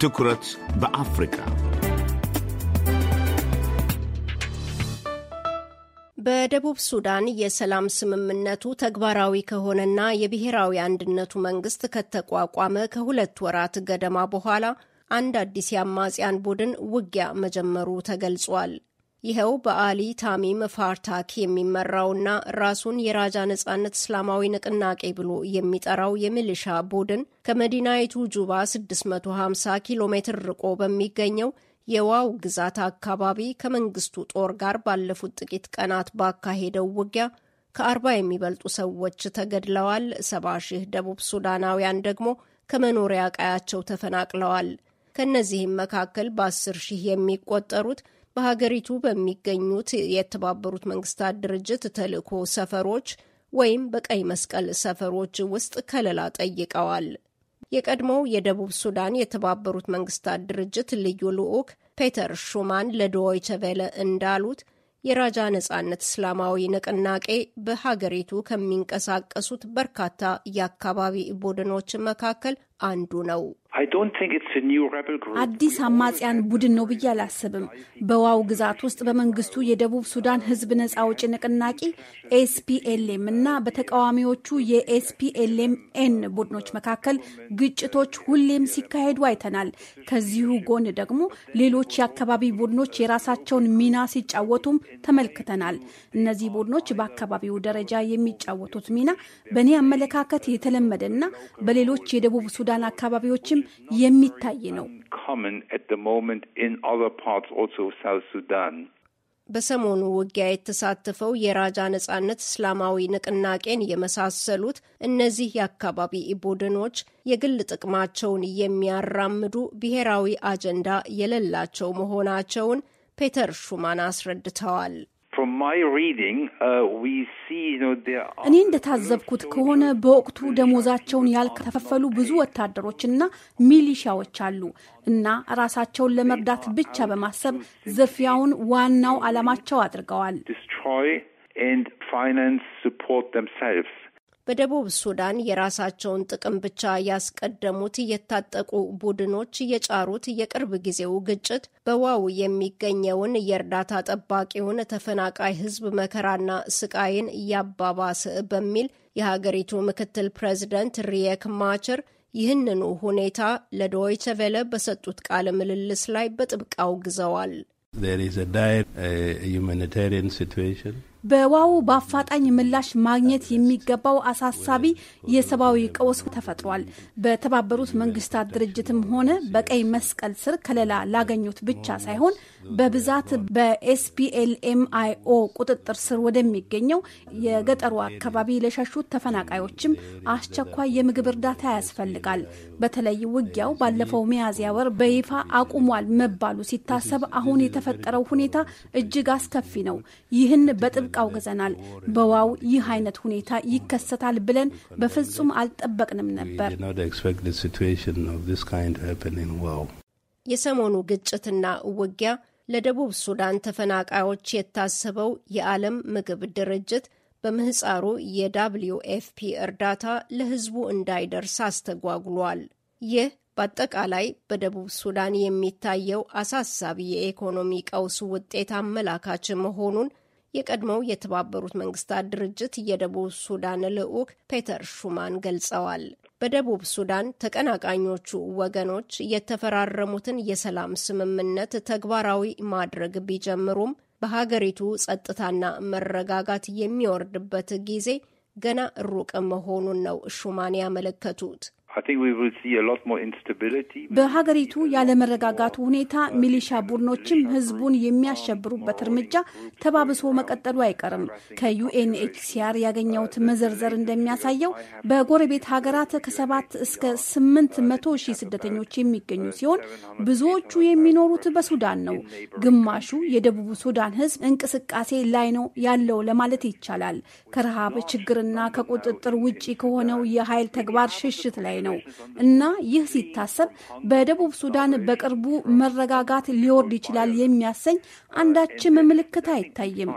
ትኩረት በአፍሪካ በደቡብ ሱዳን የሰላም ስምምነቱ ተግባራዊ ከሆነና የብሔራዊ አንድነቱ መንግስት ከተቋቋመ ከሁለት ወራት ገደማ በኋላ አንድ አዲስ የአማጽያን ቡድን ውጊያ መጀመሩ ተገልጿል። ይኸው በአሊ ታሚም ፋርታክ የሚመራውና ራሱን የራጃ ነጻነት እስላማዊ ንቅናቄ ብሎ የሚጠራው የሚሊሻ ቡድን ከመዲናይቱ ጁባ 650 ኪሎ ሜትር ርቆ በሚገኘው የዋው ግዛት አካባቢ ከመንግስቱ ጦር ጋር ባለፉት ጥቂት ቀናት ባካሄደው ውጊያ ከአርባ የሚበልጡ ሰዎች ተገድለዋል። ሰባ ሺህ ደቡብ ሱዳናውያን ደግሞ ከመኖሪያ ቀያቸው ተፈናቅለዋል። ከእነዚህም መካከል በአስር ሺህ የሚቆጠሩት በሀገሪቱ በሚገኙት የተባበሩት መንግስታት ድርጅት ተልእኮ ሰፈሮች ወይም በቀይ መስቀል ሰፈሮች ውስጥ ከለላ ጠይቀዋል። የቀድሞው የደቡብ ሱዳን የተባበሩት መንግስታት ድርጅት ልዩ ልዑክ ፔተር ሹማን ለዶይቸ ቬለ እንዳሉት የራጃ ነጻነት እስላማዊ ንቅናቄ በሀገሪቱ ከሚንቀሳቀሱት በርካታ የአካባቢ ቡድኖች መካከል አንዱ ነው። አዲስ አማጽያን ቡድን ነው ብዬ አላስብም። በዋው ግዛት ውስጥ በመንግስቱ የደቡብ ሱዳን ህዝብ ነጻ አውጪ ንቅናቄ ኤስፒኤልኤም እና በተቃዋሚዎቹ የኤስፒኤልኤም ኤን ቡድኖች መካከል ግጭቶች ሁሌም ሲካሄዱ አይተናል። ከዚሁ ጎን ደግሞ ሌሎች የአካባቢ ቡድኖች የራሳቸውን ሚና ሲጫወቱም ተመልክተናል። እነዚህ ቡድኖች በአካባቢው ደረጃ የሚጫወቱት ሚና በእኔ አመለካከት የተለመደ እና በሌሎች የደቡብ ሱዳን ሱዳን አካባቢዎችም የሚታይ ነው። በሰሞኑ ውጊያ የተሳተፈው የራጃ ነጻነት እስላማዊ ንቅናቄን የመሳሰሉት እነዚህ የአካባቢ ቡድኖች የግል ጥቅማቸውን የሚያራምዱ ብሔራዊ አጀንዳ የሌላቸው መሆናቸውን ፔተር ሹማን አስረድተዋል። Uh, እኔ እንደታዘብኩት ከሆነ በወቅቱ ደሞዛቸውን ያልተፈፈሉ ብዙ ወታደሮችና ሚሊሻዎች አሉ እና ራሳቸውን ለመርዳት ብቻ በማሰብ ዝርፊያውን ዋናው ዓላማቸው አድርገዋል። በደቡብ ሱዳን የራሳቸውን ጥቅም ብቻ ያስቀደሙት የታጠቁ ቡድኖች የጫሩት የቅርብ ጊዜው ግጭት በዋው የሚገኘውን የእርዳታ ጠባቂውን ተፈናቃይ ሕዝብ መከራና ስቃይን ያባባስ በሚል የሀገሪቱ ምክትል ፕሬዚደንት ሪየክ ማቸር ይህንኑ ሁኔታ ለዶይቸ ቬለ በሰጡት ቃለ ምልልስ ላይ በጥብቅ አውግዘዋል። uh, በዋው በአፋጣኝ ምላሽ ማግኘት የሚገባው አሳሳቢ የሰብአዊ ቀውስ ተፈጥሯል። በተባበሩት መንግስታት ድርጅትም ሆነ በቀይ መስቀል ስር ከለላ ላገኙት ብቻ ሳይሆን በብዛት በኤስፒኤልኤምአይኦ ቁጥጥር ስር ወደሚገኘው የገጠሩ አካባቢ ለሸሹት ተፈናቃዮችም አስቸኳይ የምግብ እርዳታ ያስፈልጋል። በተለይ ውጊያው ባለፈው ሚያዝያ ወር በይፋ አቁሟል መባሉ ሲታሰብ አሁን የተፈጠረው ሁኔታ እጅግ አስከፊ ነው። ይህን በጥ በጥብቅ አውግዘናል። በዋው ይህ አይነት ሁኔታ ይከሰታል ብለን በፍጹም አልጠበቅንም ነበር። የሰሞኑ ግጭትና ውጊያ ለደቡብ ሱዳን ተፈናቃዮች የታሰበው የዓለም ምግብ ድርጅት በምህፃሩ የዳብልዩ ኤፍፒ እርዳታ ለህዝቡ እንዳይደርስ አስተጓጉሏል። ይህ በአጠቃላይ በደቡብ ሱዳን የሚታየው አሳሳቢ የኢኮኖሚ ቀውስ ውጤት አመላካች መሆኑን የቀድሞው የተባበሩት መንግስታት ድርጅት የደቡብ ሱዳን ልዑክ ፔተር ሹማን ገልጸዋል። በደቡብ ሱዳን ተቀናቃኞቹ ወገኖች የተፈራረሙትን የሰላም ስምምነት ተግባራዊ ማድረግ ቢጀምሩም በሀገሪቱ ጸጥታና መረጋጋት የሚወርድበት ጊዜ ገና ሩቅ መሆኑን ነው ሹማን ያመለከቱት። በሀገሪቱ ያለመረጋጋቱ ሁኔታ ሚሊሻ ቡድኖችም ህዝቡን የሚያሸብሩበት እርምጃ ተባብሶ መቀጠሉ አይቀርም። ከዩኤንኤችሲአር ያገኘሁት መዘርዘር እንደሚያሳየው በጎረቤት ሀገራት ከሰባት እስከ ስምንት መቶ ሺህ ስደተኞች የሚገኙ ሲሆን ብዙዎቹ የሚኖሩት በሱዳን ነው። ግማሹ የደቡብ ሱዳን ህዝብ እንቅስቃሴ ላይ ነው ያለው ለማለት ይቻላል። ከረሃብ ችግርና ከቁጥጥር ውጪ ከሆነው የኃይል ተግባር ሽሽት ላይ ነው። ነው እና ይህ ሲታሰብ በደቡብ ሱዳን በቅርቡ መረጋጋት ሊወርድ ይችላል የሚያሰኝ አንዳችም ምልክት አይታይም።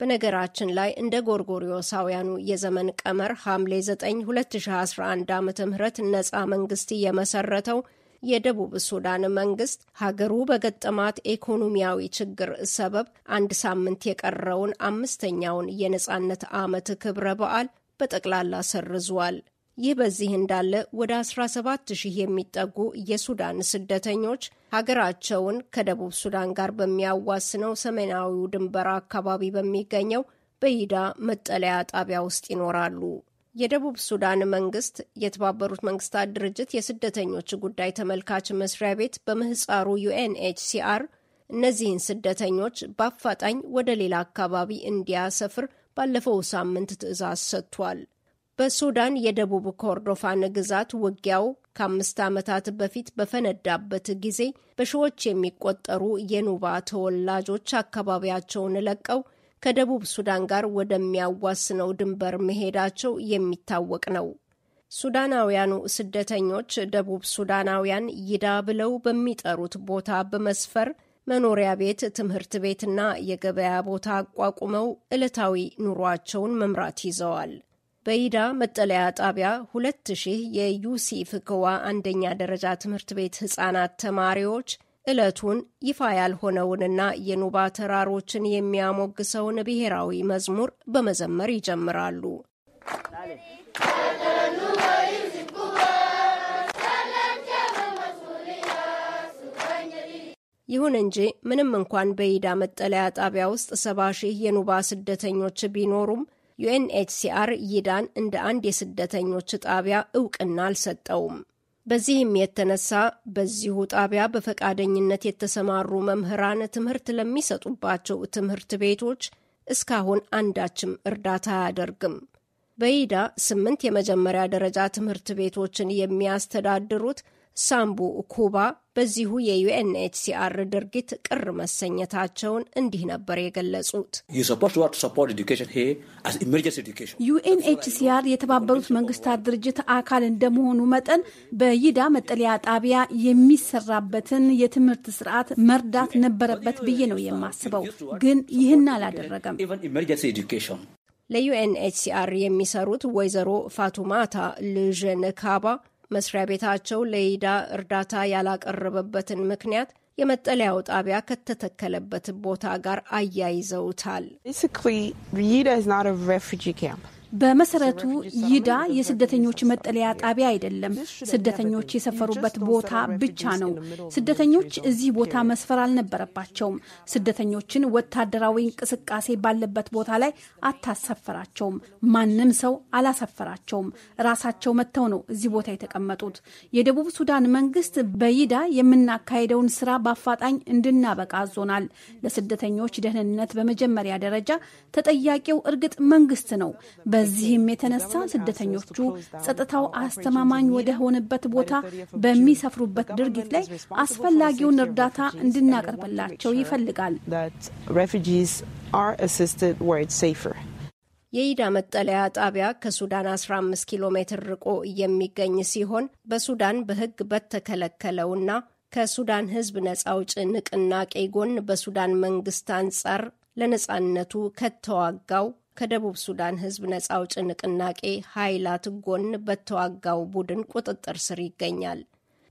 በነገራችን ላይ እንደ ጎርጎሪዮሳውያኑ የዘመን ቀመር ሐምሌ 9 2011 ዓ ም ነጻ መንግስት የመሰረተው የደቡብ ሱዳን መንግስት ሀገሩ በገጠማት ኢኮኖሚያዊ ችግር ሰበብ አንድ ሳምንት የቀረውን አምስተኛውን የነጻነት ዓመት ክብረ በዓል በጠቅላላ ሰርዟል። ይህ በዚህ እንዳለ ወደ 17 ሺህ የሚጠጉ የሱዳን ስደተኞች ሀገራቸውን ከደቡብ ሱዳን ጋር በሚያዋስነው ሰሜናዊው ድንበር አካባቢ በሚገኘው በይዳ መጠለያ ጣቢያ ውስጥ ይኖራሉ። የደቡብ ሱዳን መንግስት የተባበሩት መንግስታት ድርጅት የስደተኞች ጉዳይ ተመልካች መስሪያ ቤት በምህፃሩ ዩኤንኤችሲአር እነዚህን ስደተኞች በአፋጣኝ ወደ ሌላ አካባቢ እንዲያሰፍር ባለፈው ሳምንት ትዕዛዝ ሰጥቷል። በሱዳን የደቡብ ኮርዶፋን ግዛት ውጊያው ከአምስት ዓመታት በፊት በፈነዳበት ጊዜ በሺዎች የሚቆጠሩ የኑባ ተወላጆች አካባቢያቸውን ለቀው ከደቡብ ሱዳን ጋር ወደሚያዋስነው ድንበር መሄዳቸው የሚታወቅ ነው። ሱዳናውያኑ ስደተኞች ደቡብ ሱዳናውያን ይዳ ብለው በሚጠሩት ቦታ በመስፈር መኖሪያ ቤት፣ ትምህርት ቤትና የገበያ ቦታ አቋቁመው ዕለታዊ ኑሯቸውን መምራት ይዘዋል። በይዳ መጠለያ ጣቢያ ሁለት ሺህ የዩሲፍ ፍክዋ አንደኛ ደረጃ ትምህርት ቤት ህጻናት ተማሪዎች ዕለቱን ይፋ ያልሆነውንና የኑባ ተራሮችን የሚያሞግሰውን ብሔራዊ መዝሙር በመዘመር ይጀምራሉ። ይሁን እንጂ ምንም እንኳን በይዳ መጠለያ ጣቢያ ውስጥ ሰባ ሺህ የኑባ ስደተኞች ቢኖሩም ዩኤንኤችሲአር ይዳን እንደ አንድ የስደተኞች ጣቢያ እውቅና አልሰጠውም። በዚህም የተነሳ በዚሁ ጣቢያ በፈቃደኝነት የተሰማሩ መምህራን ትምህርት ለሚሰጡባቸው ትምህርት ቤቶች እስካሁን አንዳችም እርዳታ አያደርግም። በይዳ ስምንት የመጀመሪያ ደረጃ ትምህርት ቤቶችን የሚያስተዳድሩት ሳምቡ ኩባ በዚሁ የዩኤንኤችሲአር ድርጊት ቅር መሰኘታቸውን እንዲህ ነበር የገለጹት። ዩኤንኤችሲአር የተባበሩት መንግስታት ድርጅት አካል እንደመሆኑ መጠን በይዳ መጠለያ ጣቢያ የሚሰራበትን የትምህርት ስርዓት መርዳት ነበረበት ብዬ ነው የማስበው፣ ግን ይህን አላደረገም። ለዩኤንኤችሲአር የሚሰሩት ወይዘሮ ፋቱማታ ልዥን ካባ መስሪያ ቤታቸው ለይዳ እርዳታ ያላቀረበበትን ምክንያት የመጠለያው ጣቢያ ከተተከለበት ቦታ ጋር አያይዘውታል። በመሰረቱ ይዳ የስደተኞች መጠለያ ጣቢያ አይደለም፣ ስደተኞች የሰፈሩበት ቦታ ብቻ ነው። ስደተኞች እዚህ ቦታ መስፈር አልነበረባቸውም። ስደተኞችን ወታደራዊ እንቅስቃሴ ባለበት ቦታ ላይ አታሰፈራቸውም። ማንም ሰው አላሰፈራቸውም። ራሳቸው መጥተው ነው እዚህ ቦታ የተቀመጡት። የደቡብ ሱዳን መንግስት በይዳ የምናካሄደውን ስራ በአፋጣኝ እንድናበቃ አዞናል። ለስደተኞች ደህንነት በመጀመሪያ ደረጃ ተጠያቂው እርግጥ መንግስት ነው። በዚህም የተነሳ ስደተኞቹ ጸጥታው አስተማማኝ ወደ ሆነበት ቦታ በሚሰፍሩበት ድርጊት ላይ አስፈላጊውን እርዳታ እንድናቀርብላቸው ይፈልጋል። የኢዳ መጠለያ ጣቢያ ከሱዳን 15 ኪሎ ሜትር ርቆ የሚገኝ ሲሆን በሱዳን በሕግ በተከለከለውና ከሱዳን ሕዝብ ነጻ አውጪ ንቅናቄ ጎን በሱዳን መንግስት አንጻር ለነጻነቱ ከተዋጋው ከደቡብ ሱዳን ህዝብ ነጻ አውጪ ንቅናቄ ኃይላት ጎን በተዋጋው ቡድን ቁጥጥር ስር ይገኛል።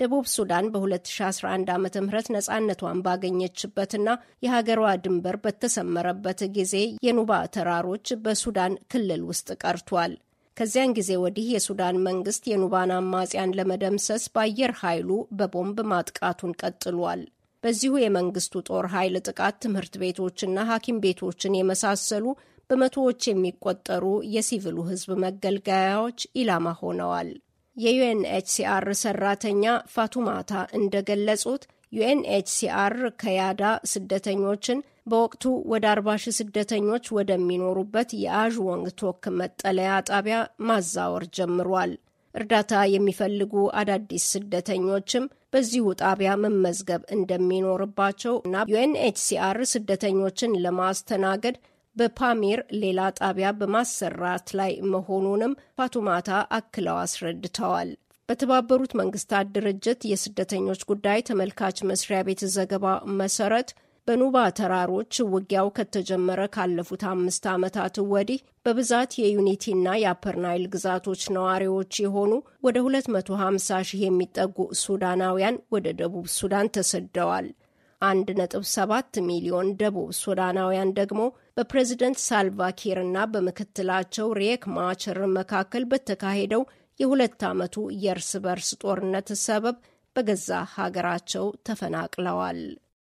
ደቡብ ሱዳን በ2011 ዓ ም ነፃነቷን ባገኘችበትና የሀገሯ ድንበር በተሰመረበት ጊዜ የኑባ ተራሮች በሱዳን ክልል ውስጥ ቀርቷል። ከዚያን ጊዜ ወዲህ የሱዳን መንግስት የኑባን አማጽያን ለመደምሰስ በአየር ኃይሉ በቦምብ ማጥቃቱን ቀጥሏል። በዚሁ የመንግስቱ ጦር ኃይል ጥቃት ትምህርት ቤቶችና ሐኪም ቤቶችን የመሳሰሉ በመቶዎች የሚቆጠሩ የሲቪሉ ህዝብ መገልገያዎች ኢላማ ሆነዋል። የዩኤንኤችሲአር ሰራተኛ ፋቱማታ እንደገለጹት ዩኤንኤችሲአር ከያዳ ስደተኞችን በወቅቱ ወደ 40 ሺህ ስደተኞች ወደሚኖሩበት የአዥ ወንግ ቶክ መጠለያ ጣቢያ ማዛወር ጀምሯል። እርዳታ የሚፈልጉ አዳዲስ ስደተኞችም በዚሁ ጣቢያ መመዝገብ እንደሚኖርባቸው እና ዩኤንኤችሲአር ስደተኞችን ለማስተናገድ በፓሚር ሌላ ጣቢያ በማሰራት ላይ መሆኑንም ፋቱማታ አክለው አስረድተዋል። በተባበሩት መንግስታት ድርጅት የስደተኞች ጉዳይ ተመልካች መስሪያ ቤት ዘገባ መሰረት በኑባ ተራሮች ውጊያው ከተጀመረ ካለፉት አምስት ዓመታት ወዲህ በብዛት የዩኒቲና የአፐርናይል ግዛቶች ነዋሪዎች የሆኑ ወደ 250 ሺህ የሚጠጉ ሱዳናውያን ወደ ደቡብ ሱዳን ተሰደዋል። 1.7 ሚሊዮን ደቡብ ሱዳናውያን ደግሞ በፕሬዝደንት እና በምክትላቸው ሬክ ማቸር መካከል በተካሄደው የሁለት ዓመቱ የእርስ በርስ ጦርነት ሰበብ በገዛ ሀገራቸው ተፈናቅለዋል።